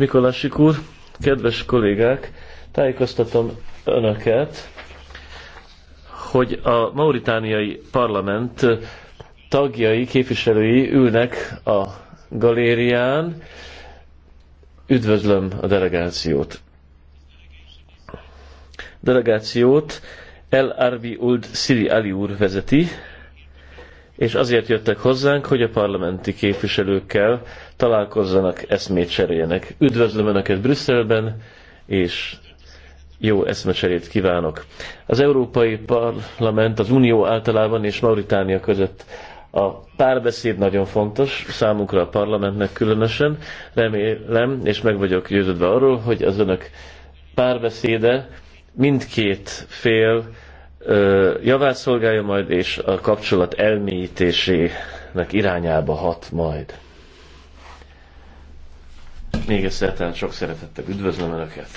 Mikolásik úr, kedves kollégák, tájékoztatom önöket, hogy a mauritániai parlament tagjai, képviselői ülnek a galérián. Üdvözlöm a delegációt. Delegációt El Arbi Old Siri Ali úr vezeti, és azért jöttek hozzánk, hogy a parlamenti képviselőkkel találkozzanak, eszmét cseréljenek. Üdvözlöm Önöket Brüsszelben, és jó eszmecserét kívánok. Az Európai Parlament, az Unió általában és Mauritánia között a párbeszéd nagyon fontos, számunkra a parlamentnek különösen. Remélem, és meg vagyok győződve arról, hogy az önök párbeszéde mindkét fél javát szolgálja majd, és a kapcsolat elmélyítésének irányába hat majd. Még egyszer tehát sok szeretettel üdvözlöm Önöket!